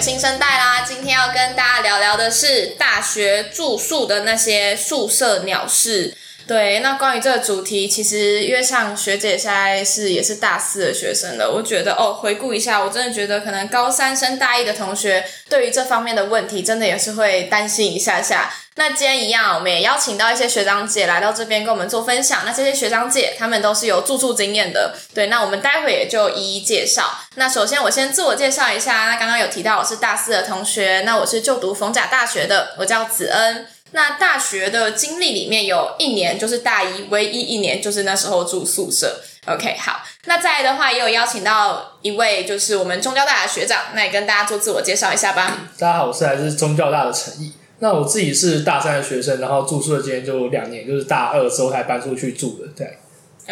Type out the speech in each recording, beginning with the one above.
新生代啦，今天要跟大家聊聊的是大學住宿的那些宿舍鳥事。對，那關於這個主題，其實約上學姐現在是也是大四的學生了，我覺得哦，回顧一下，我真的覺得可能高三升大一的同學，對於這方面的問題，真的也是會擔心一下下。那今天一樣，我們也邀請到一些學長姐來到這邊跟我們做分享。那這些學長姐他們都是有住宿經驗的，對。那我們待會也就一一介紹。那首先我先自我介紹一下，那剛剛有提到我是大四的同學，那我是就讀逢甲大學的，我叫子恩。那大學的經歷裡面有一年就是大一，唯一一年就是那時候住宿舍。OK，好。那再來的話也有邀請到一位就是我們中教大的學長，那也跟大家做自我介紹一下吧。大家好，我是來自中教大的陳毅。那我自己是大三的學生，然後住宿的間就兩年，就是大二之後才還搬出去住的。對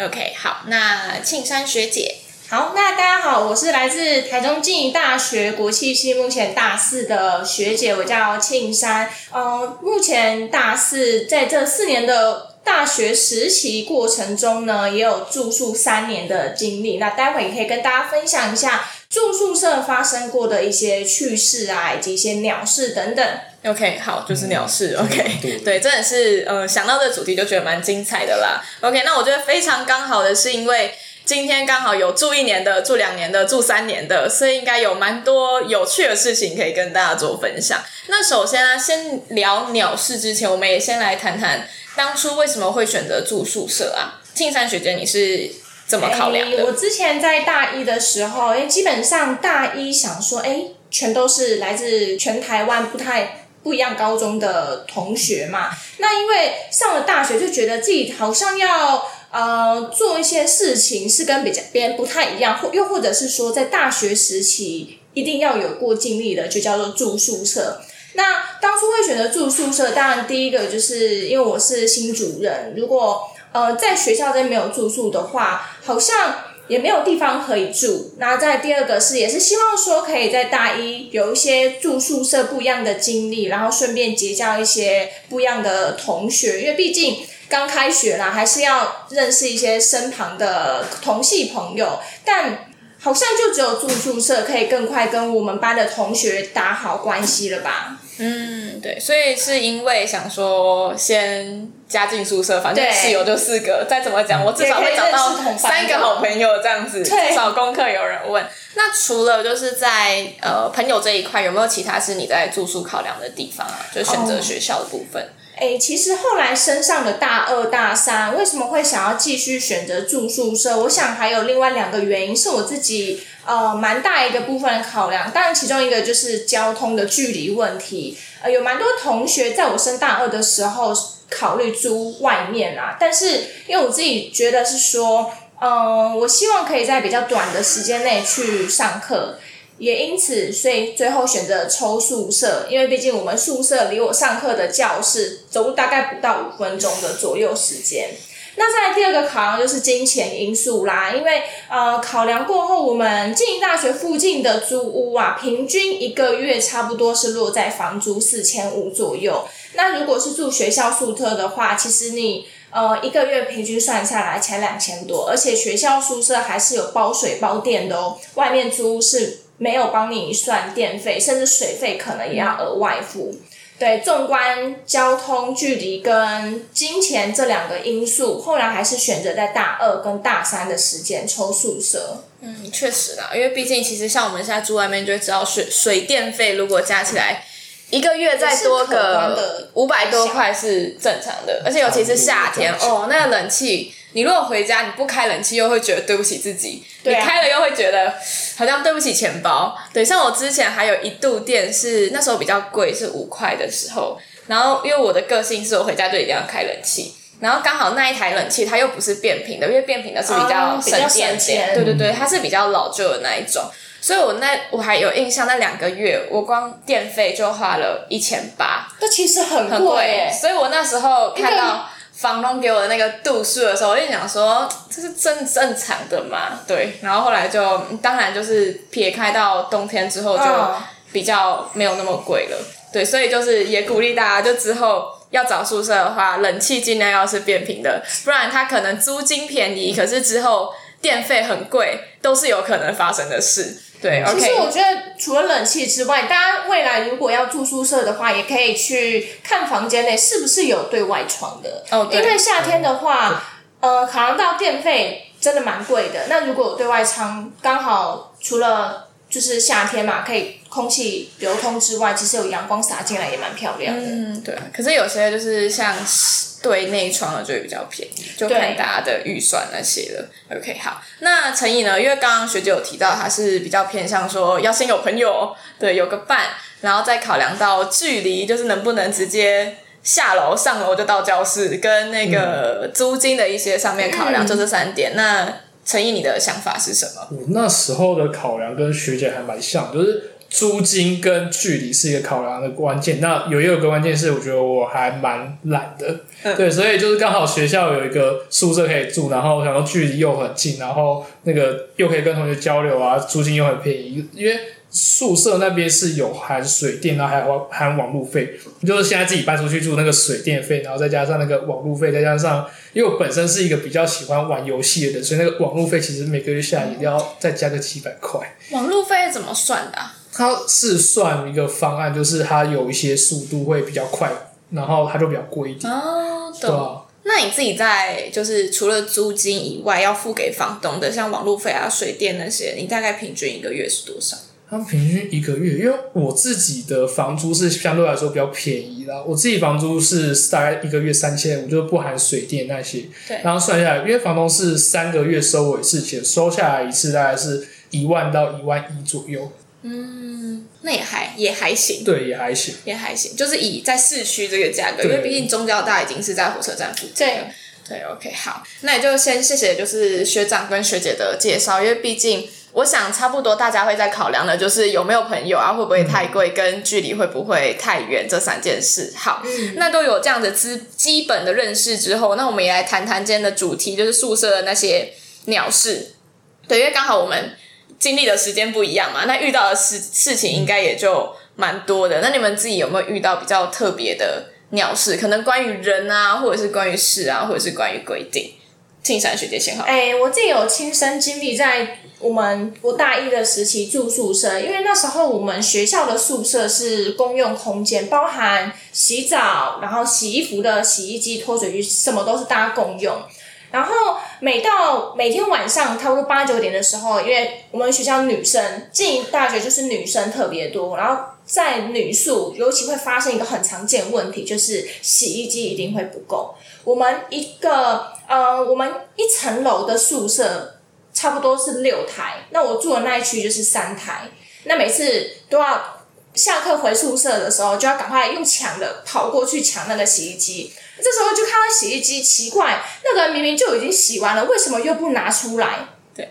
，OK，好，那慶山學姐，好，那大家好，我是來自台中靜宜大學國際系，目前大四的學姐，我叫慶山。嗯，目前大四在這四年的大學時期過程中呢，也有住宿三年的經歷。那待會也可以跟大家分享一下。住宿舍發生過的一些趣事啊，以及一些鳥事等等。OK，好，就是鳥事。嗯、OK，、嗯、對，對，真的是，呃，想到的主題就覺得蠻精彩的啦。OK，那我覺得非常剛好的是因為今天剛好有住一年的、住兩年的、住三年的，所以應該有蠻多有趣的事情可以跟大家做分享。那首先啊，先聊鳥事之前，我們也先來談談當初為什麼會選擇住宿舍啊？慶山學姐，你是？怎麼考量？哎，我之前在大一的時候，哎，基本上大一想說，哎，全都是來自全台灣不太不一樣高中的同學嘛。那因為上了大學，就覺得自己好像要呃做一些事情，是跟比較別人不太一樣，或又或者是說，在大學時期一定要有過經歷的，就叫做住宿舍。那當初會選擇住宿舍，當然第一個就是因為我是新竹人，如果。呃，在學校這邊沒有住宿的話，好像也沒有地方可以住。那在第二個是，也是希望說可以在大一有一些住宿舍不一樣的經歷，然後順便結交一些不一樣的同學。因為畢竟剛開學啦，還是要認識一些身旁的同系朋友。但好像就只有住宿舍可以更快跟我們班的同學打好關係了吧。嗯。對，所以是因為想說先加進宿舍，反正室友就四個，對再怎麼講，我至少會找到三個好朋友這樣子，對至少功課有人問。那除了就是在呃朋友這一塊，有沒有其他是你在住宿考量的地方啊？就選擇學校的部分。哦。哎、欸，其實後來升上了大二大三，為什麼會想要繼續選擇住宿舍？我想還有另外兩個原因，是我自己呃蠻大一個部分的考量。當然，其中一個就是交通的距離問題。呃，有蠻多同學在我升大二的時候考慮租外面啊，但是因為我自己覺得是說，嗯、呃，我希望可以在比較短的時間內去上課。也因此，所以最後選擇抽宿舍，因為畢竟我們宿舍離我上課的教室，走路大概不到五分鐘的左右時間。那在第二個考量就是金錢因素啦，因為呃考量過後，我們靜宜大學附近的租屋啊，平均一個月差不多是落在房租四千五左右。那如果是住學校宿舍的話，其實你呃一個月平均算下來才兩千多，而且學校宿舍還是有包水包電的哦，外面租屋是沒有幫你算電費，甚至水費可能也要額外付。嗯、對，縱觀交通距離跟金錢這兩個因素，後來還是選擇在大二跟大三的時間抽宿舍。嗯，確實啦，因為畢竟其實像我們現在住外面就，就知道水水電費如果加起來一個月再多個五百多塊是正常的，而且尤其是夏天哦，那個冷氣。你如果回家，你不開冷氣，又會覺得對不起自己；對啊、你開了，又會覺得好像對不起錢包。對，像我之前還有一度電是那時候比較貴，是五塊的時候。然後因為我的個性是我回家就一定要開冷氣，然後剛好那一台冷氣它又不是變頻的，因為變頻的是比較省電的。哦、比較省錢。對對對，它是比較老舊的那一種，所以我那我還有印象，那兩個月我光電費就花了一千八。那其實很貴。欸，很貴，所以我那時候看到、那個。房東給我的那個度數的時候，我就想說這是正正常的嘛，對。然後後來就當然就是撇開到冬天之後就比較沒有那麼貴了，哦、對。所以就是也鼓勵大家，就之後要找宿舍的話，冷氣盡量要是變頻的，不然它可能租金便宜，可是之後電費很貴，都是有可能發生的事。對，okay、其實我覺得除了冷氣之外，大家未來如果要住宿舍的話，也可以去看房間內是不是有對外窗的。哦、oh, 對，因為夏天的話，嗯、呃，好像到電費真的蠻貴的。那如果有對外窗，剛好除了就是夏天嘛，可以。空氣流通之外，其實有陽光灑進來也蠻漂亮的。嗯，對。可是有些就是像對內窗的就比較便宜，就看大家的預算那些了。對 OK，好。那陳毅呢？因為剛剛學姐有提到，她是比較偏向說要先有朋友，對，有個伴，然後再考量到距離，就是能不能直接下樓上樓就到教室，跟那個租金的一些上面考量，就這三點。嗯、那陳毅你的想法是什麼？我那時候的考量跟學姐還蠻像，就是。租金跟距離是一個考量的關鍵，那有一個關鍵，是我覺得我還蠻懶的，嗯、對，所以就是剛好學校有一個宿舍可以住，然後然後距離又很近，然後那個又可以跟同學交流啊，租金又很便宜，因為宿舍那邊是有含水電，然後還有含網路費，就是現在自己搬出去住那個水電費，然後再加上那個網路費，再加上因為我本身是一個比較喜歡玩遊戲的人，所以那個網路費其實每個月下來也要再加個幾百塊。網路費怎麼算的啊？它是算一個方案，就是它有一些速度會比較快，然後它就比較貴一點。哦、啊，懂對吧。那你自己在就是除了租金以外，要付給房東的，像網絡費啊、水電那些，你大概平均一個月是多少？它、啊、平均一個月，因為我自己的房租是相對來說比較便宜啦。我自己房租是大概一個月三千五，就是不含水電那些。對。然後算下來，因為房東是三個月收我一次錢，收下來一次大概是一萬到一萬一左右。嗯，那也還也還行，對，也還行，也還行，就是以在市區這個價格，對因為畢竟中交大已經是在火車站附近。對，對，OK，好，那也就先謝謝，就是學長跟學姐的介紹，嗯、因為畢竟我想差不多大家會在考量的，就是有沒有朋友，啊，會不會太貴，嗯、跟距離會不會太遠這三件事。好，嗯、那都有這樣的基基本的認識之後，那我們也來談談今天的主題，就是宿舍的那些鳥事。對，因為剛好我們。經歷的時間不一樣嘛，那遇到的事事情應該也就蠻多的。那你們自己有沒有遇到比較特別的鳥事？可能關於人啊，或者是關於事啊，或者是關於規定？慶山學姐先好。誒、欸，我自己有親身經歷，在我們我大一的時期住宿舍，因為那時候我們學校的宿舍是公用空間，包含洗澡，然後洗衣服的洗衣機、脫水機，什麼都是大家共用。然後每到每天晚上差不多八九點的時候，因為我們學校女生進大學就是女生特別多，然後在女宿尤其會發生一個很常見的問題，就是洗衣機一定會不夠。我們一個呃，我們一層樓的宿舍差不多是六台，那我住的那一區就是三台，那每次都要下課回宿舍的時候就要趕快用搶的跑過去搶那個洗衣機。這時候就看到洗衣機，奇怪，那個明明就已經洗完了，為什麼又不拿出來？對。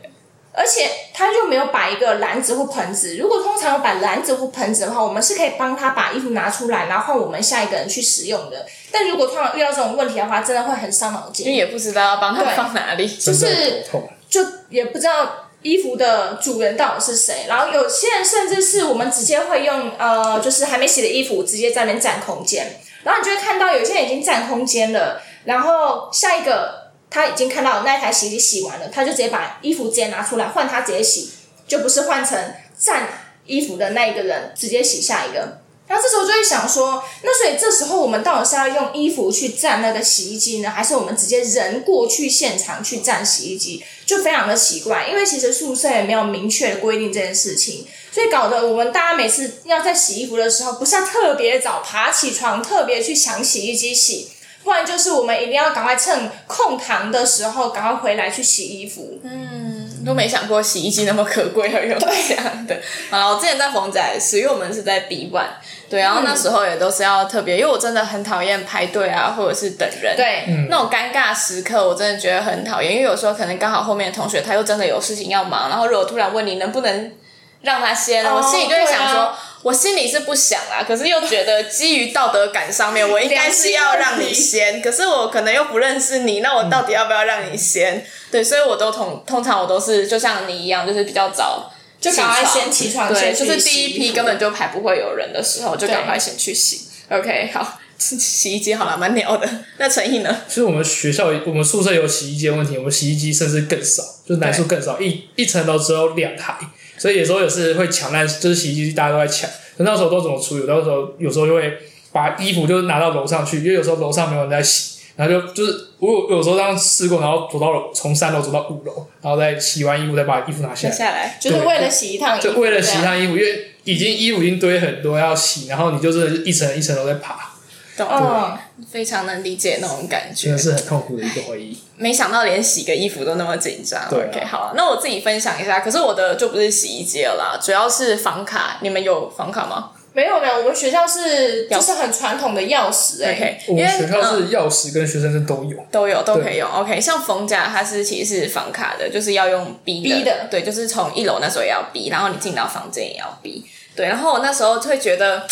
而且他又沒有擺一個籃子或盆子。如果通常有擺籃子或盆子的話，我們是可以幫他把衣服拿出來，然後換我們下一個人去使用的。但如果通常遇到這種問題的話，真的會很傷腦筋。因為也不知道要幫他放哪裡，就是就也不知道衣服的主人到底是誰。然後有些人甚至是我們直接會用，呃，就是還沒洗的衣服直接在那佔空間。然後你就會看到有些人已經佔空間了，然後下一個他已經看到那台洗衣機洗完了，他就直接把衣服直接拿出來換他直接洗，就不是換成佔衣服的那一個人直接洗下一個。然後這時候就會想說，那所以這時候我們到底是要用衣服去佔那個洗衣機呢，還是我們直接人過去現場去佔洗衣機？就非常的奇怪，因為其實宿舍也沒有明確的規定這件事情。所以搞得我們大家每次要在洗衣服的時候，不是要特別早爬起床，特別去搶洗衣機洗，不然就是我們一定要趕快趁空堂的時候趕快回來去洗衣服。嗯，都沒想過洗衣機那麼可貴而又這樣的。啊對，我之前在紅仔，所以我們是在 B 館，對，然後那時候也都是要特別，嗯、因為我真的很討厭排隊啊，或者是等人，對，嗯、那種尷尬時刻，我真的覺得很討厭。因為有時候可能剛好後面的同學他又真的有事情要忙，然後如果突然問你能不能。讓他先，哦、我心裡就會想說，啊、我心裡是不想啊，可是又覺得基於道德感上面，我應該是要讓你先。心可是我可能又不認識你，那我到底要不要讓你先？嗯、對，所以我都通通常我都是就像你一樣，就是比較早就趕快先起床，對，去對，就是第一批根本就排不會有人的時候，就趕快先去洗。對 OK，好， 洗衣機好了，蠻鳥的。 那陳毅呢？其實我們學校我們宿舍有洗衣機的問題，我們洗衣機甚至更少，就台數更少，對一一層樓只有兩台。所以有時候也是會搶，但是就是洗衣機大家都在搶。那到時候都怎麼處理？那時候，有時候就會把衣服就是拿到樓上去，因為有時候樓上沒有人在洗，然後就就是我有有時候這樣試過，然後走到了從三樓走到五樓，然後再洗完衣服再把衣服拿下來。拿下來對就是為了洗一趟，就為了洗一趟衣服，因為已經衣服已經堆很多要洗，然後你就是一層一層都在爬。嗯，懂啊，非常能理解那種感覺，真的是很痛苦的一個回憶。沒想到連洗個衣服都那麼緊張。對，啊，OK，好，啊，那我自己分享一下。可是我的就不是洗衣機了啦，主要是房卡。你們有房卡嗎？沒有，沒有。我們學校是有就是很傳統的鑰匙，欸，OK，因為我們學校是鑰匙跟學生是都有，啊，都有都可以用。對 OK，像馮家它是其實是房卡的，就是要用 B 的，B 的，對，就是從一樓那時候也要 B，然後你進到房間也要 B，對。然後我那時候就會覺得。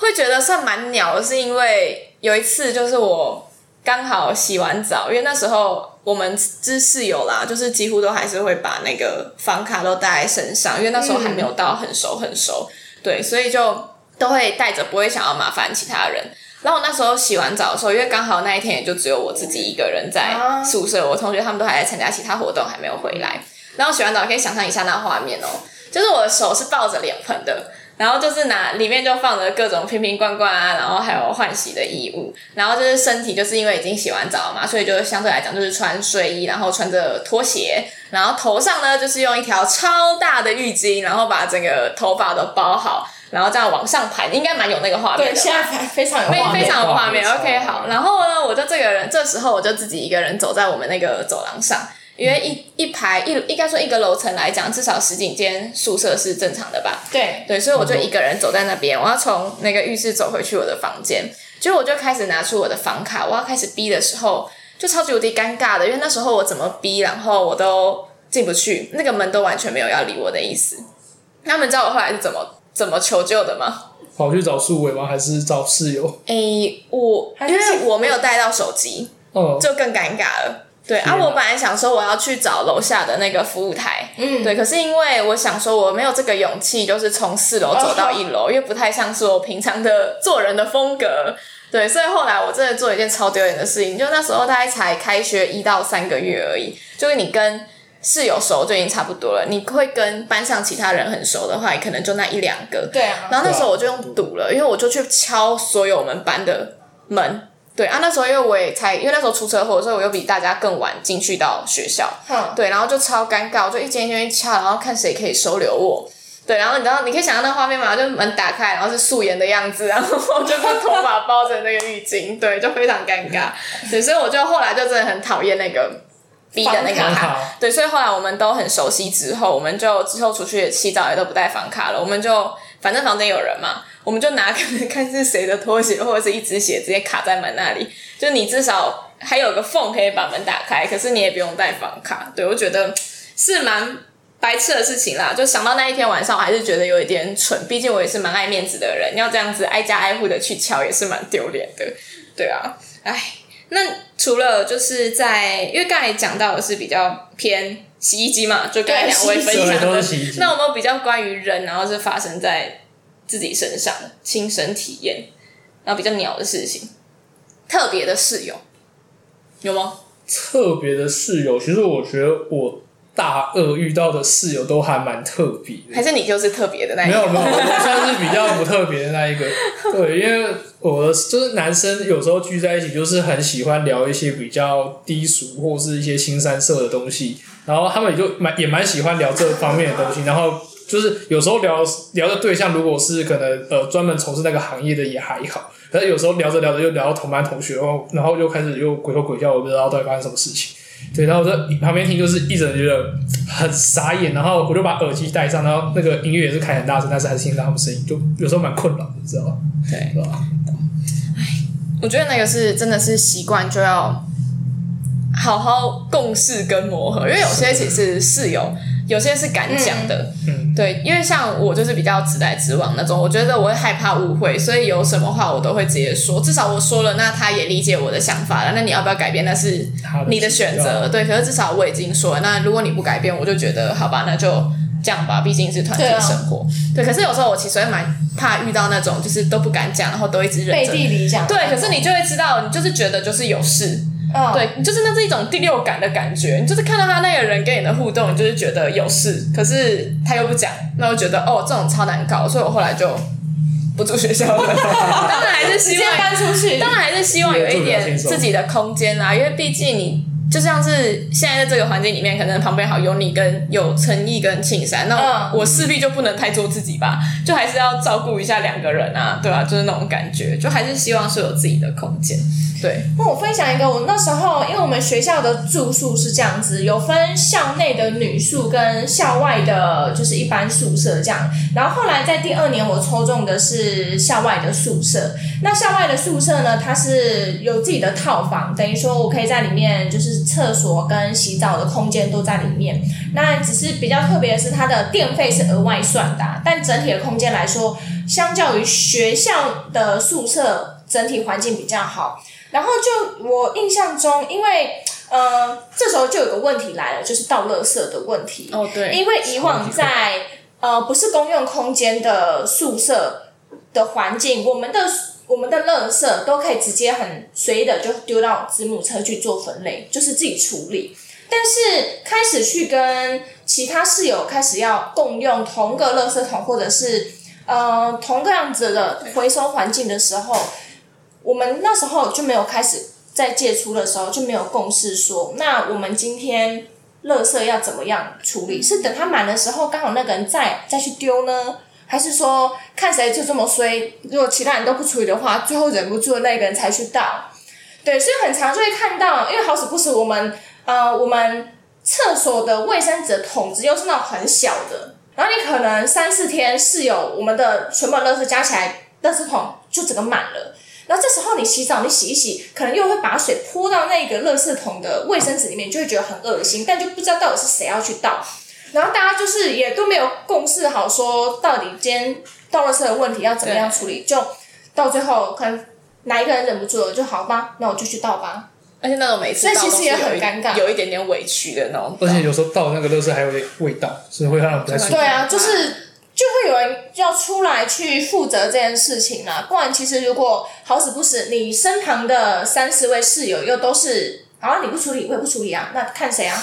會覺得算蠻鳥的，是因為有一次就是我剛好洗完澡，因為那時候我們只是室友啦，就是幾乎都還是會把那個房卡都帶在身上，因為那時候還沒有到很熟很熟，對，所以就都會帶着，不會想要麻煩其他人。然後我那時候洗完澡的時候，因為剛好那一天也就只有我自己一個人在宿舍，我同學他們都還在參加其他活動，還沒有回來。然後洗完澡可以想象一下那畫面哦，就是我的手是抱着臉盆的。然後就是拿裡面就放着各種瓶瓶罐罐啊，然後還有換洗的衣物，然後就是身體就是因為已經洗完澡嘛，所以就相對來講就是穿睡衣，然後穿着拖鞋，然後頭上呢就是用一條超大的浴巾，然後把整個頭髮都包好，然後這樣往上盤，應該蠻有那個畫面的。對，現在非常有畫面。非常有畫面。畫面好 OK，好。然後呢，我就這個人，這時候我就自己一個人走在我們那個走廊上。因為一一排一應該說一個樓層來講，至少十幾間宿舍是正常的吧？對對，所以我就一個人走在那邊，我要從那個浴室走回去我的房間。就我就開始拿出我的房卡，我要開始逼的時候，就超級無敵尷尬的。因為那時候我怎麼逼，然後我都進不去，那個門都完全沒有要理我的意思。他們知道我後來是怎麼怎麼求救的嗎？跑去找宿委嗎？還是找室友？誒、欸，我還是因為我沒有帶到手機，哦、嗯，就更尷尬了。對的啊，我本來想說我要去找樓下的那個服務台，嗯，對，可是因為我想說我沒有這個勇氣，就是從四樓走到一樓，哦、因為不太像是我平常的做人的風格，對，所以後來我真的做了一件超丟臉的事情，就那時候大概才開學一到三個月而已，就是你跟室友熟就已經差不多了，你會跟班上其他人很熟的話，也可能就那一兩個，對啊，然後那時候我就用賭了，嗯、因為我就去敲所有我們班的門。對啊，那時候因為我也才，因為那時候出車禍，所以我又比大家更晚進去到學校。嗯、對，然後就超尷尬，我就一間一間敲，然後看誰可以收留我。對，然後你知道你可以想象那畫面嗎？就門打開，然後是素顏的樣子，然後就是頭髮包着那個浴巾， 對，就非常尷尬。對，所以我就後來就真的很討厭那個逼的那個卡。卡，對，所以後來我們都很熟悉之後，我們就之後出去洗澡也都不帶房卡了，我們就。嗯反正房間有人嘛，我們就拿個看是誰的拖鞋或者是一隻鞋直接卡在門那裡，就你至少還有個縫可以把門打開，可是你也不用帶房卡。對，我覺得是蠻白痴的事情啦。就想到那一天晚上，我還是覺得有一點蠢，畢竟我也是蠻愛面子的人，你要這樣子挨家挨戶的去敲也是蠻丟臉的。對啊，唉。那除了就是在，因為剛才講到的是比較偏洗衣機嘛，就剛才兩位分享的。是是都洗衣機。那我們比較關於人，然後是發生在自己身上親身體驗，然後比較鳥的事情，特別的室友，有嗎？特別的室友，其實我覺得我。大二遇到的室友都還蠻特別，還是你就是特別的那一個？沒有沒有，我算是比較不特別的那一個。 對，因為我的就是男生有時候聚在一起，就是很喜歡聊一些比較低俗或是一些腥羶色的東西，然後他們就也就蠻也蠻喜歡聊這方面的東西。然後就是有時候聊聊的對象如果是可能呃專門從事那個行業的也還好，可是有時候聊着聊着又聊到同班同學哦，然後就開始又鬼吼鬼叫，我不知道到底發生什麼事情。對，然後我在旁邊聽，就是一直覺得很傻眼，然後我就把耳機戴上，然後那個音樂也是開很大聲，但是還是聽到他們聲音，就有時候蠻困擾的，你知道嗎？對，對吧？哎，我覺得那個是真的是習慣就要好好共事跟磨合，因為有些其實室友，是有些是敢講的，嗯、對，因為像我就是比較直來直往那種，我覺得我會害怕誤會，所以有什麼話我都會直接說。至少我說了，那他也理解我的想法了。那你要不要改變，那是你的選擇。好的，對，可是至少我已經說了。那如果你不改變，我就覺得好吧，那就這樣吧。畢竟是團隊生活，對啊、對。可是有時候我其實也蠻怕遇到那種就是都不敢講，然後都一直忍着。背地裡講，對。嗯、可是你就會知道，你就是覺得就是有事。哦、對，你就是那是一種第六感的感覺，你就是看到他那個人跟你的互動，你就是覺得有事，可是他又不講，那我覺得哦這種超難搞，所以我後來就不住學校了，到當然還是希望搬出去，當然還是希望有一點自己的空間啦、啊，因為畢竟你。就像是現在在這個環境裡面，可能旁邊好有你跟有陳毅跟青山，那我勢必就不能太做自己吧，就還是要照顧一下兩個人啊，對吧，啊？就是那種感覺，就還是希望是有自己的空間。對，那我分享一個我那時候，因為我們學校的住宿是這樣子，有分校內的女宿跟校外的，就是一般宿舍這樣。然後後來在第二年，我抽中的是校外的宿舍。那校外的宿舍呢，它是有自己的套房，等於說我可以在裡面就是。廁所跟洗澡的空間都在裡面，那只是比較特別的是，它的電費是額外算的啊。但整體的空間來說，相較於學校的宿舍，整體環境比較好。然後就我印象中，因為呃，這時候就有個問題來了，就是倒垃圾的問題。哦，對，因為以往在呃不是公用空間的宿舍的環境，我們的。我們的垃圾都可以直接很隨意的就丟到子母車去做分類，就是自己處理。但是開始去跟其他室友開始要共用同個垃圾桶，或者是呃同個樣子的回收環境的時候，我們那時候就沒有開始在借出的時候就沒有共識說，那我們今天垃圾要怎麼樣處理？是等它滿的時候，剛好那個人再再去丟呢？還是說看誰就這麼衰？如果其他人都不處理的話，最後忍不住的那個人才去倒。對，所以很常就會看到，因為好死不死，呃，我們呃我們廁所的衛生紙的桶子又是那種很小的，然後你可能三四天室友我們的全部垃圾加起來，垃圾桶就整個滿了。然後這時候你洗澡，你洗一洗，可能又會把水潑到那個垃圾桶的衛生紙裡面，就會覺得很噁心，但就不知道到底是誰要去倒。然後大家就是也都沒有共識，好，說到底今天倒垃圾的問題要怎麼樣處理，對就到最後可能哪一個人忍不住了，就好吧，那我就去倒吧。而且那種每次都。但其實也很尷尬，有一點點委屈的那種。而且有時候倒那個垃圾還有點味道，所以會讓人不舒服。對啊，就是就會有人要出來去負責這件事情啦。不然其實如果好死不死，你身旁的三四位室友又都是好啊，你不處理，我也不處理啊，那看誰啊？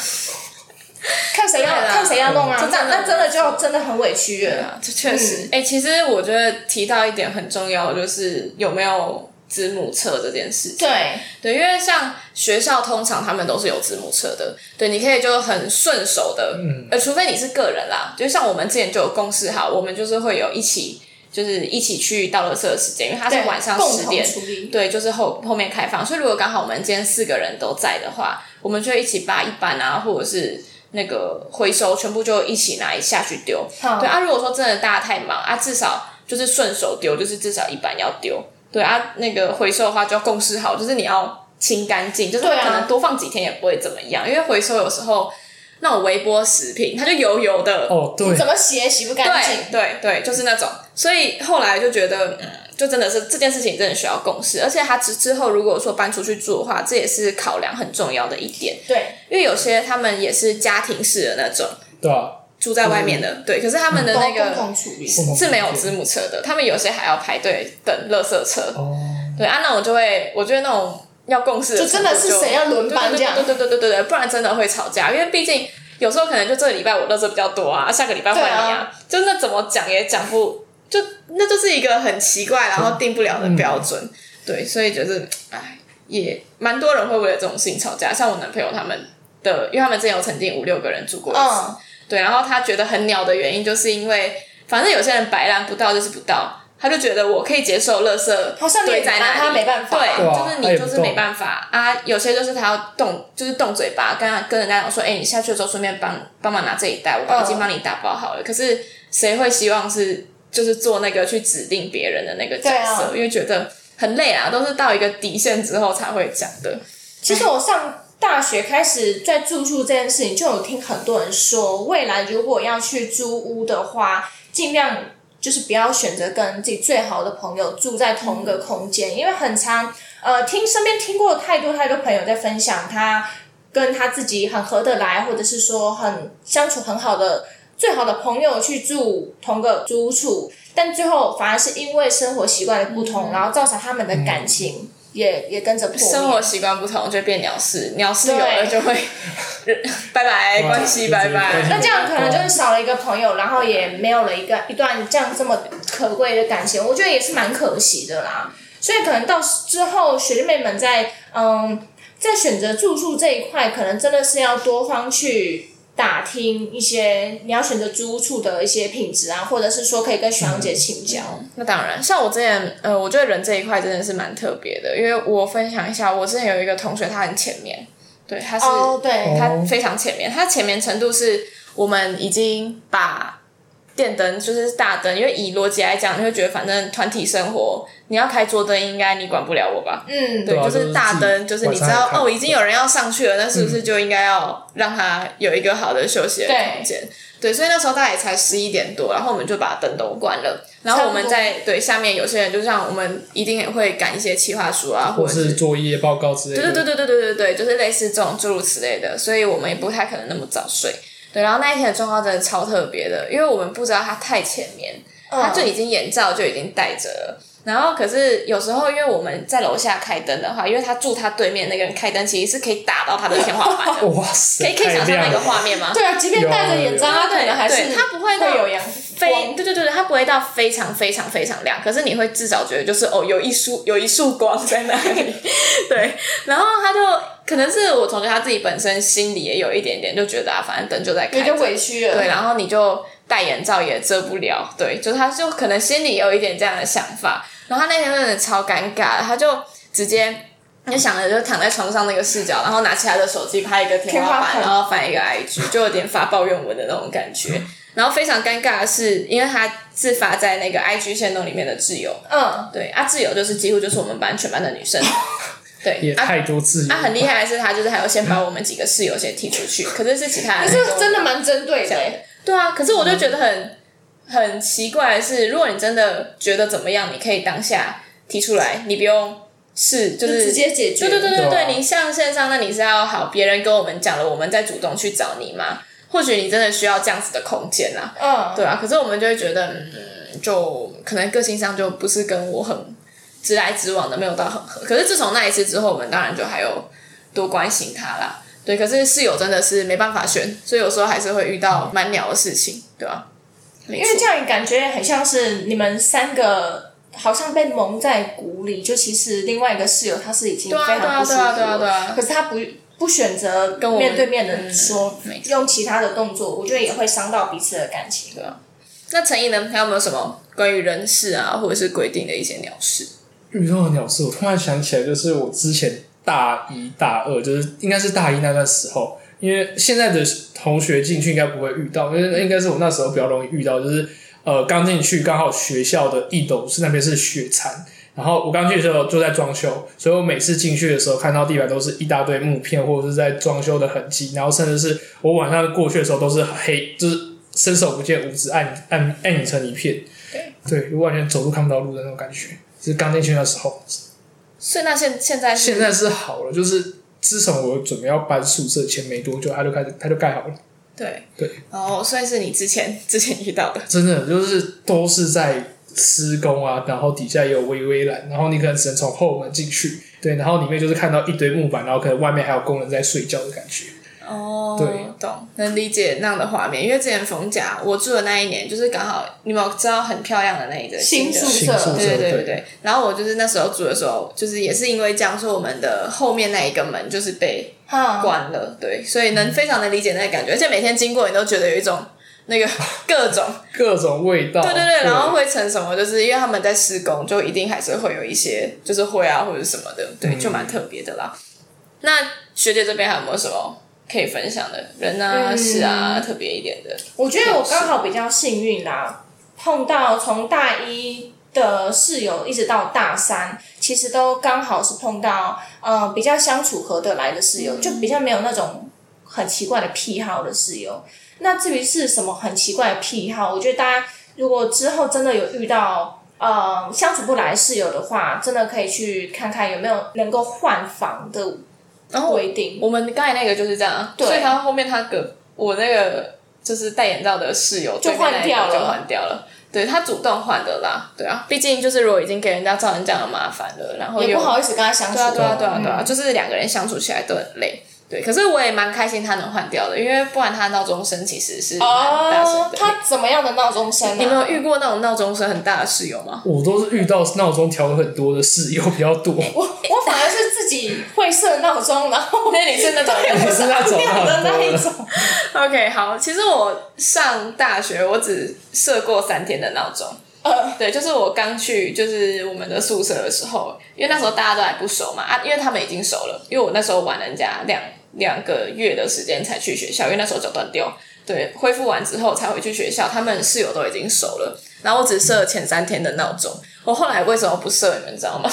看誰要啦看誰要弄啊！嗯、就這樣那那真的就真的很委屈了。嗯啊、這確實，哎、嗯欸，其實我覺得提到一點很重要，就是有沒有子母車這件事情。對對，因為像學校通常他們都是有子母車的。對，你可以就很順手的，呃、嗯，而除非你是個人啦。嗯、就像我們之前就有共識哈，我們就是會有一起就是一起去到了測的時間，因為它是晚上十點，對，對，就是後後面開放。所以如果剛好我們今天四個人都在的話，我們就一起扒一班啊，或者是。那個回收全部就一起拿一下去丟，好對啊。如果說真的大家太忙啊，至少就是順手丟，就是至少一般要丟，對啊。那個回收的話就要共識好，就是你要清乾淨，就是可能多放幾天也不會怎麼樣，啊、因為回收有時候那種微波食品，它就油油的哦，對，怎麼洗也洗不乾淨，對對，就是那種。所以後來就覺得。嗯就真的是這件事情，真的需要共識。而且他之之後如果說搬出去住的話，這也是考量，很重要的一點。對，因為有些他們也是家庭式的那種，對啊，住在外面的，嗯、對。可是他們的那個是沒有子母車的，他們有些還要排隊等垃圾車。哦、對啊，那我就會，我覺得那種要共識的就，就真的是誰要輪班這樣，對對對對對，不然真的會吵架。因為畢竟有時候可能就這禮拜我垃圾比較多啊，下個禮拜換你啊，真的、啊就是、怎麼講也講不。就那就是一個很奇怪，然後定不了的標準，嗯嗯、對，所以就是哎，也蠻多人會為了這種事情吵架。像我男朋友他們的，因為他們之前有曾經五六個人住過一次，嗯、對，然後他覺得很鳥的原因，就是因為反正有些人擺爛不到就是不到，他就覺得我可以接受樂色，他上、啊、對你宅那、啊、他沒辦法、啊，對，對啊、就是你就是沒辦法啊，啊。有些就是他要動，就是動嘴巴，跟他跟人家說，哎、欸，你下去的時候順便幫幫忙拿這一袋，我已經幫你打包好了。嗯、可是誰會希望是？就是做那個去指定別人的那個角色，啊、因為覺得很累啊，都是到一個底線之後才會講的。其實我上大學開始在住宿這件事情，就有聽很多人說，未來如果要去租屋的話，盡量就是不要選擇跟自己最好的朋友住在同一個空間，嗯、因為很常呃，聽身邊聽過太多太多朋友在分享，他跟他自己很合得來，或者是說很相處很好的。最好的朋友去住同個租處，但最後反而是因為生活習慣的不同，嗯、然後造成他們的感情也、嗯、也跟着不同。生活習慣不同就變鳥事，鳥事有了就會拜拜，關係，關係，關係，關係拜拜。那這樣可能就是少了一個朋友，然後也沒有了一個、嗯、一段這樣這麼可貴的感情，我覺得也是蠻可惜的啦。所以可能到之後學弟妹們在嗯在選擇住宿這一塊，可能真的是要多方去。打聽一些你要選擇租屋處的一些品質啊，或者是說可以跟學長姐請教、嗯嗯。那當然，像我之前，呃，我覺得人這一塊真的是蠻特別的，因為我分享一下，我之前有一個同學，他很淺眠對，他是，oh, 對他非常淺眠，oh. 他淺眠程度是我們已經把電燈就是大燈，因為以邏輯來講，你會覺得反正團體生活，你要開桌燈，應該你管不了我吧？嗯，對，就是大燈，嗯啊、是就是你知道，哦，對已經有人要上去了，那是不是就應該要讓他有一個好的休息的空間？嗯、對，對，所以那時候大概也才十一點多，然後我們就把燈都關了，然後我們在對下面有些人，就像我們一定也會趕一些企劃書啊，或者，或者是作業報告之類的，對對對對對對對對，就是類似這種諸如此類的，所以我們也不太可能那麼早睡。對，然後那一天的狀況真的超特別的，因為我們不知道他太前面，他就已經眼罩就已經戴着了。嗯、然後可是有時候，因為我們在樓下開燈的話，因為他住他對面那個人開燈，其實是可以打到他的天花板的。哇塞！可以可以想象那個畫面嗎？對啊，即便戴着眼罩啊，他可能還是。他不會有陽。非對對對，它不會到非常非常非常亮，可是你會至少覺得就是哦，有一束有一束光在那裡。 對，然後他就可能是我同學他自己本身心裡也有一點點就覺得，啊，反正燈就在開，你就委屈了。對，然後你就戴眼罩也遮不了，對，就是他就可能心裡也有一點這樣的想法。然後他那天真的超尷尬，他就直接就想着就躺在床上那個視角，然後拿起他的手機拍一個天花板，然後翻一個 IG，就有點發抱怨文的那種感覺。嗯然後非常尷尬的是，因為他自發在那個 IG 限動裡面的摯友，嗯，對，啊，摯友就是幾乎就是我們班全班的女生，哦、對，也太多摯友，啊，啊很厲害的是他就是還要先把我們幾個室友先踢出去， 可是是其他人的，可是真的蠻針對的，對啊，可是我就覺得很、嗯、很奇怪的是，如果你真的覺得怎麼樣，你可以當下提出來，你不用是，就是就直接解決，對對對對對，對啊、你像線上，那你是要好別人跟我們講了，我們再主動去找你嗎？或許你真的需要這樣子的空間吶，嗯，對啊。可是我們就會覺得，嗯，就可能個性上就不是跟我很直來直往的，沒有到很合。可是自從那一次之後，我們當然就還有多關心他啦，對。可是室友真的是沒辦法選，所以有時候還是會遇到蠻鳥的事情，對吧？沒錯。因為這樣感覺很像是你們三個好像被蒙在鼓裡，就其實另外一個室友他是已經非常不舒服了，對啊對啊，可是他不。不選擇跟我面對面的說，嗯嗯、用其他的動作，我覺得也會傷到彼此的感情。對啊、那陳毅呢？還有沒有什麼關於人事啊，或者是規定的一些鳥事？遇到的鳥事，我突然想起來，就是我之前大一、大二，就是應該是大一那段時候，因為現在的同學進去應該不會遇到，因為應該是我那時候比較容易遇到，就是呃，剛進去剛好學校的一棟是那邊是學餐。然後我剛去的時候就在裝修，所以我每次進去的時候看到地板都是一大堆木片，或者是在裝修的痕迹，然後甚至是我晚上過去的時候都是黑，就是伸手不見五指，暗暗暗成一片，對，對，我完全走路看不到路的那種感覺。就是剛進去的時候，所以那現現在是現在是好了，就是自從我準備要搬宿舍前沒多久，它就開始它就蓋好了，對對，哦對，所以，oh, 是你之前之前遇到的，真的就是都是在施工啊，然後底下也有圍圍欄，然後你可能只能從後門進去，對，然後裡面就是看到一堆木板，然後可能外面還有工人在睡覺的感覺。哦，對，懂，能理解那樣的畫面，因為之前逢甲我住的那一年，就是剛好，你們有知道很漂亮的那一個新、新宿舍？對對、對對對。對對對對，然後我就是那時候住的時候，就是也是因為這樣說，我們的後面那一個門就是被關了，哦、對，所以能、嗯、非常能理解那個感覺，而且每天經過，你都覺得有一種。那個 各種各種味道，對對對，的然後會成什麼？就是因為他們在施工，就一定還是會有一些就是灰啊或者什麼的，對，嗯、就蠻特別的啦。那學姐這邊還有沒有什麼可以分享的人呢、啊？嗯、是啊，特別一點的。我覺得我剛好比較幸運啦，就是、碰到從大一的室友一直到大三，其實都剛好是碰到嗯、呃、比較相處合得來的室友，嗯、就比較沒有那種很奇怪的癖好的室友。那至於是什麼很奇怪的癖好，我覺得大家如果之後真的有遇到、呃、相處不來的室友的話，真的可以去看看有沒有能夠換房的規定。然後我們剛才那個就是這樣，對所以他後面他個我那個就是戴眼罩的室友就換掉了，就換掉了，對他主動換的啦，對啊，畢竟就是如果已經給人家造成這樣的麻煩了，然後也不好意思跟他相處對、啊，對啊對啊對啊，對啊對啊嗯、就是兩個人相處起來都很累。對，可是我也蠻開心，他能換掉的，因為不然他的鬧鐘聲其實是蠻大聲的，哦，對他怎麼樣的鬧鐘聲呢、啊？你有遇過那種鬧鐘聲很大的室友嗎？我都是遇到鬧鐘調了很多的室友比較多。我我反而是自己會設鬧鐘， 然後我跟你是那種，你是那種的那一種。OK，好，其實我上大學我只設過三天的鬧鐘。呃、對，就是我剛去，就是我們的宿舍的時候，因為那時候大家都還不熟嘛啊，因為他們已經熟了，因為我那時候晚人家兩兩個月的時間才去學校，因為那時候腳斷掉，對，恢復完之後才回去學校，他們室友都已經熟了，然後我只設前三天的鬧鐘，嗯、我後來為什麼不設，你們知道嗎？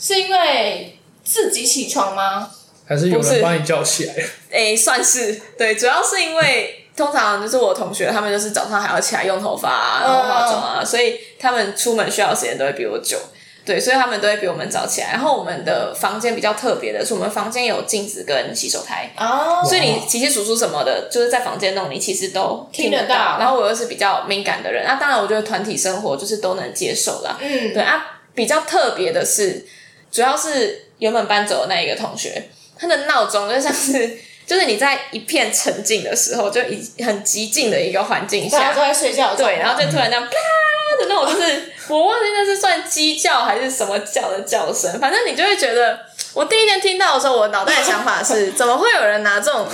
是因為自己起床嗎？還是有人幫你叫起來？誒、欸，算是對，主要是因為。 通常就是我同學，他們就是早上還要起來用頭髮啊，然後化妝啊，oh. 所以他們出門需要的時間都會比我久，對，所以他們都會比我們早起來。然後我們的房間比較特別的是，我們房間有鏡子跟洗手台哦，oh. 所以你洗洗漱漱什麼的，就是在房間弄。你其實都聽得到，得到，然後我又是比較敏感的人，那當然我覺得團體生活就是都能接受啦。嗯，對啊。比較特別的是，主要是原本搬走的那一個同學，他的鬧鐘就像是。 就是你在一片沉靜的時候，就一很寂靜的一個環境下，大家都在睡覺，對，然後就突然這樣，噠啪的那種，就是， 我忘記那是算雞叫還是什麼叫的叫聲，反正你就會覺得，我第一天聽到的時候，我腦袋的想法是， 怎麼會有人拿這種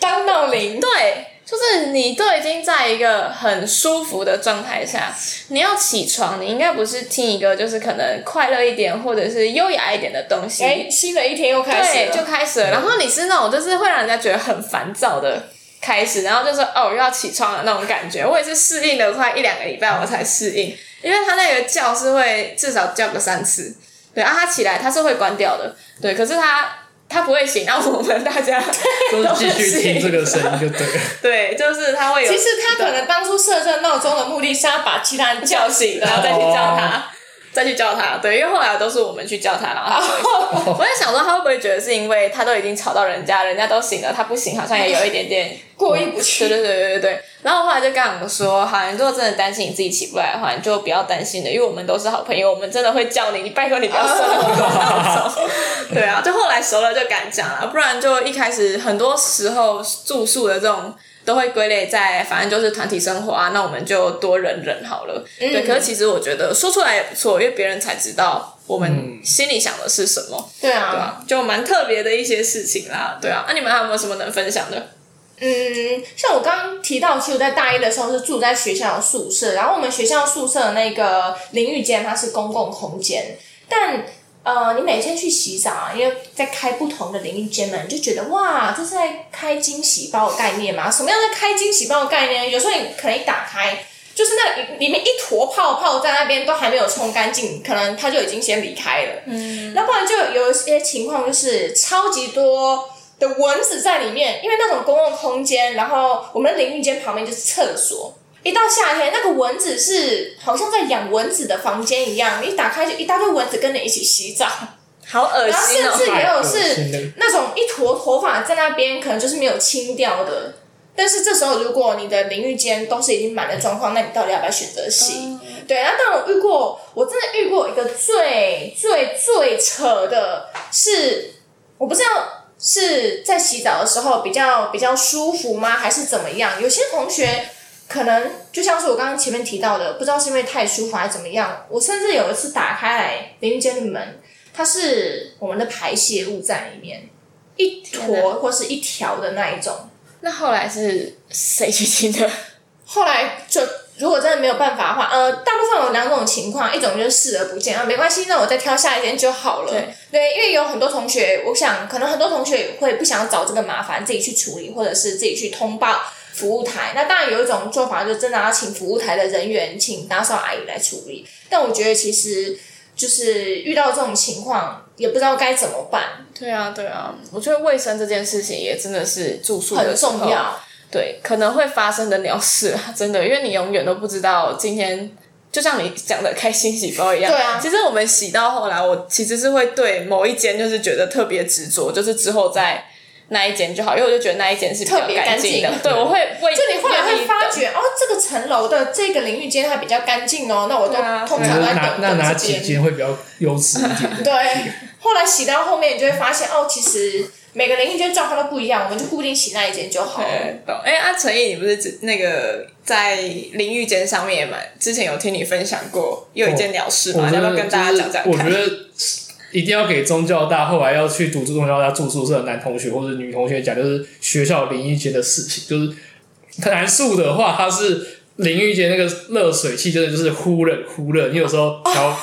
當鬧鈴？ 麥麥對。就是你都已經在一個很舒服的狀態下，你要起床，你應該不是聽一個就是可能快樂一點或者是優雅一點的東西。哎，新的一天又開始。對，就開始了。然後你是那種就是會讓人家覺得很煩躁的開始，然後就說哦，我又要起床了那種感覺。我也是適應了快一兩個禮拜我才適應，因為他那個叫是會至少叫個三次，對啊，他起來他是會關掉的，對，可是他。他不會醒，那我們大家 都繼續聽這個聲音就對了。 對，就是他會有。其實他可能當初設置鬧鐘的目的是要把其他人叫醒， 然後再去叫他。再去叫他，對，因為後來都是我們去叫他，然後他會、Oh. 我也想說，他會不會覺得是因為他都已經吵到人家，人家都醒了，他不醒好像也有一點點 過意不去、嗯。對對對對對，對，對，然後後來就跟我們說，好，你如果真的擔心你自己起不來的話，你就不要擔心了，因為我們都是好朋友，我們真的會叫你，你拜託你不要睡了、Oh.，對啊，就後來熟了就敢講了，不然就一開始很多時候住宿的這種。都會歸類在，反正就是團體生活啊，那我們就多忍忍好了。嗯、對，可是其實我覺得說出來也不錯，因為別人才知道我們心裡想的是什麼。嗯、對啊，對啊，就蠻特別的一些事情啦。對啊，那、嗯啊、你們還有沒有什麼能分享的？嗯，像我剛剛提到，其實我在大一的時候是住在學校的宿舍，然後我們學校宿舍那個淋浴間它是公共空間，但。呃，你每天去洗澡，因為在開不同的淋浴間嘛，你就覺得哇，這是在開驚喜包的概念嘛？什麼樣的開驚喜包的概念？有時候你可能一打開，就是那裡面一坨泡泡在那邊都還沒有沖乾淨，可能它就已經先離開了。嗯，那不然就有一些情況就是超級多的蚊子在裡面，因為那種公共空間，然後我們的淋浴間旁邊就是廁所。一到夏天，那個蚊子是好像在養蚊子的房間一樣，你一打開就一大堆蚊子跟你一起洗澡，好惡心喔！然後甚至還有是那種一坨頭髮在那邊，可能就是沒有清掉的。但是這時候，如果你的淋浴間都是已經滿的狀況，那你到底要不要選擇洗？嗯，對，那當然，但我遇過，我真的遇過一個最最最扯的是，我不知道是在洗澡的時候比較比較舒服嗎，還是怎麼樣？有些同學。可能就像是我剛剛前面提到的，不知道是因為太舒服還是怎麼樣，我甚至有一次打開淋浴間的門，它，天哪，是我們的排泄物在裡面一坨或是一條的那一種。那後來是誰去清的？後來就如果真的沒有辦法的話，呃，大部分有兩種情況，一種就是視而不見啊，沒關係，那我再挑下一間就好了。對，對，因為有很多同學，我想可能很多同學也會不想找這個麻煩，自己去處理或者是自己去通報。服務台，那當然有一種做法，就是真的要請服務台的人員，請打掃阿姨來處理。但我覺得，其實就是遇到這種情況，也不知道該怎麼辦。對啊，對啊，我覺得衛生這件事情也真的是住宿的很重要。對，可能會發生的鳥事啊，真的，因為你永遠都不知道今天，就像你講的開心洗包一樣。對啊，其實我們洗到後來，我其實是會對某一間就是覺得特別執着，就是之後再。那一間就好，因為我就覺得那一間是特別乾淨的。對，我會。就你後來會發覺、嗯、哦，這個層樓的這個淋浴間它比較乾淨哦，那我就、啊、通常會拿等那拿幾間會比較優質一點。 對，後來洗到後面，你就會發現哦，其實每個淋浴間狀況都不一樣，我們就固定洗那一間就好。懂。哎、欸，阿陳毅，你不是那個在淋浴間上面嘛？之前有聽你分享過有一件鳥事嗎？哦就是，要不要跟大家講講看？我覺得。一定要給宗教大，後來要去讀宗教大住宿舍的男同學或者女同學講，就是學校淋浴間的事情。就是男宿的話，他是淋浴間那個熱水器真的就是忽冷忽熱，你有時候調哦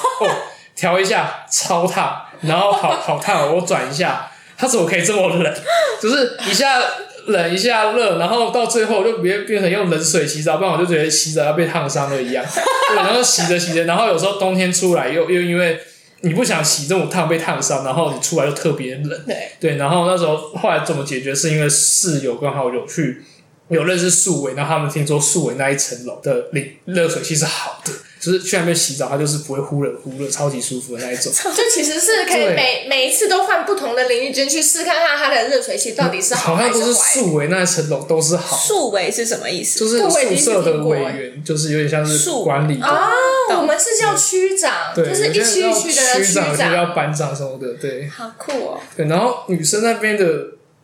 調一下超燙，然後好好燙、哦，我轉一下，他怎麼可以這麼冷？就是一下冷一下熱，然後到最後就變變成用冷水洗澡，不然我就覺得洗澡要被燙傷了一樣。然後洗着洗着，然後有時候冬天出來又又因為。你不想洗這種燙被燙傷，然後你出來又特別冷，對，然後那時候後來怎麼解決？是因為室友剛好有去有認識樹偉，然後他們聽說樹偉那一層樓的冷熱水器是好的。就是去那邊洗澡，它就是不會忽冷忽熱，超級舒服的那一種。 就其實是可以每對每一次都換不同的淋浴間去試看看它的熱水器到底是好還是壞。好像都是宿委那層樓都是好。宿委是什麼意思？就是宿舍的委員，就是有點像是管理哦。我們是叫區長，對對就是一區一區的區長，要班長什麼的，對。好酷哦。對，然後女生那邊的。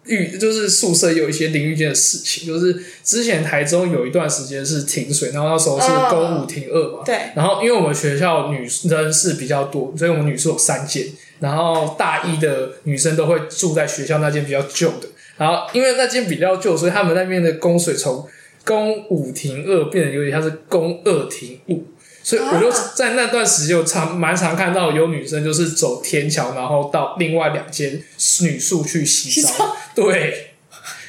浴就是宿舍有一些淋浴間的事情，就是之前台中有一段時間是停水，然後那時候是供五停二嘛。哦，對。然後因為我們學校女生是比較多，所以我們女生有三間。然後大一的女生都會住在學校那間比較舊的。然後因為那間比較舊，所以他們那邊的供水從供五停二變得有點像是供二停五。所以我就在那段時間我常蠻常看到有女生就是走天橋，然後到另外兩間女宿去洗澡，洗澡，對，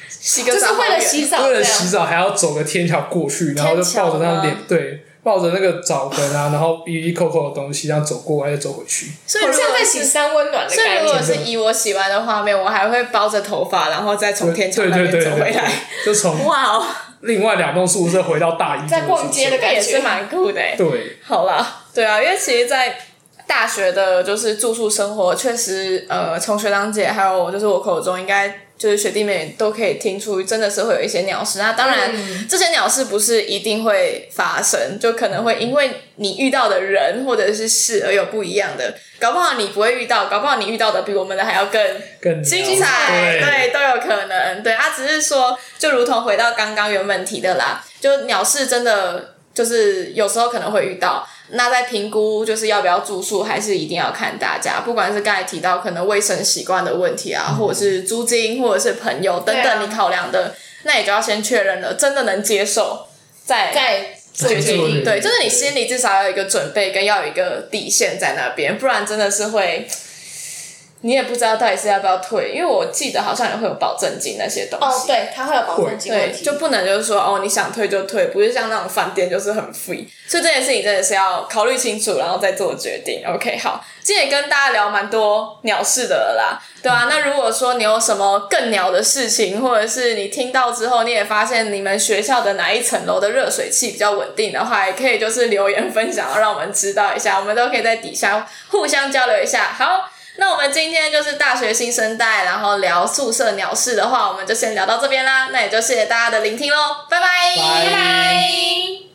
洗個澡就是為了洗澡，為了洗澡還要走個天橋過去，然後就抱着那個臉，對，抱着那個澡盆啊，然後一一扣扣的東西這樣走過來，又走回去。所以現在洗三溫暖的感覺。所以如果是以我洗完的畫面，的我還會包着頭髮，然後再從天橋那邊走回來，對對對對對對，就從哇哦。Wow 另外兩棟宿舍回到大一，在逛街的感覺那也是蠻酷的，欸。對，好啦。對啊，因為其實，在大學的，就是住宿生活，確實，呃，從學長姐，還有就是我口中，應該就是學弟妹，都可以聽出，真的是會有一些鳥事。那當然，這些鳥事不是一定會發生，就可能會因為你遇到的人或者是事而有不一樣的。搞不好你不會遇到，搞不好你遇到的比我們的還要更更精彩，對，對，都有可能。對，他只是說，就如同回到剛剛原本提的啦，就鳥事真的就是有時候可能會遇到。那在評估就是要不要住宿，還是一定要看大家，不管是剛才提到可能衛生習慣的問題啊，嗯、或者是租金，或者是朋友等等，你考量的，啊、那也就要先確認了，真的能接受在。在對對對，就是你心裡至少要有一個準備，跟要有一個底線在那邊，不然真的是會。你也不知道到底是要不要退，因為我記得好像也會有保證金那些東西。哦，oh, 對，它會有保證金，對，可以，對，就不能就是說哦，你想退就退，不是像那種飯店就是很 free，所以這件事情真的是要考慮清楚，然後再做決定。OK，好，今天也跟大家聊蠻多鳥事的了啦，對啊，那如果說你有什麼更鳥的事情，或者是你聽到之後你也發現你們學校的哪一層樓的熱水器比較穩定的話，也可以就是留言分享，讓我們知道一下，我們都可以在底下互相交流一下。好。那我們今天就是大學新生代，然後聊宿舍鳥事的話，我們就先聊到這邊啦。那也就謝謝大家的聆聽嘍，拜拜，拜拜。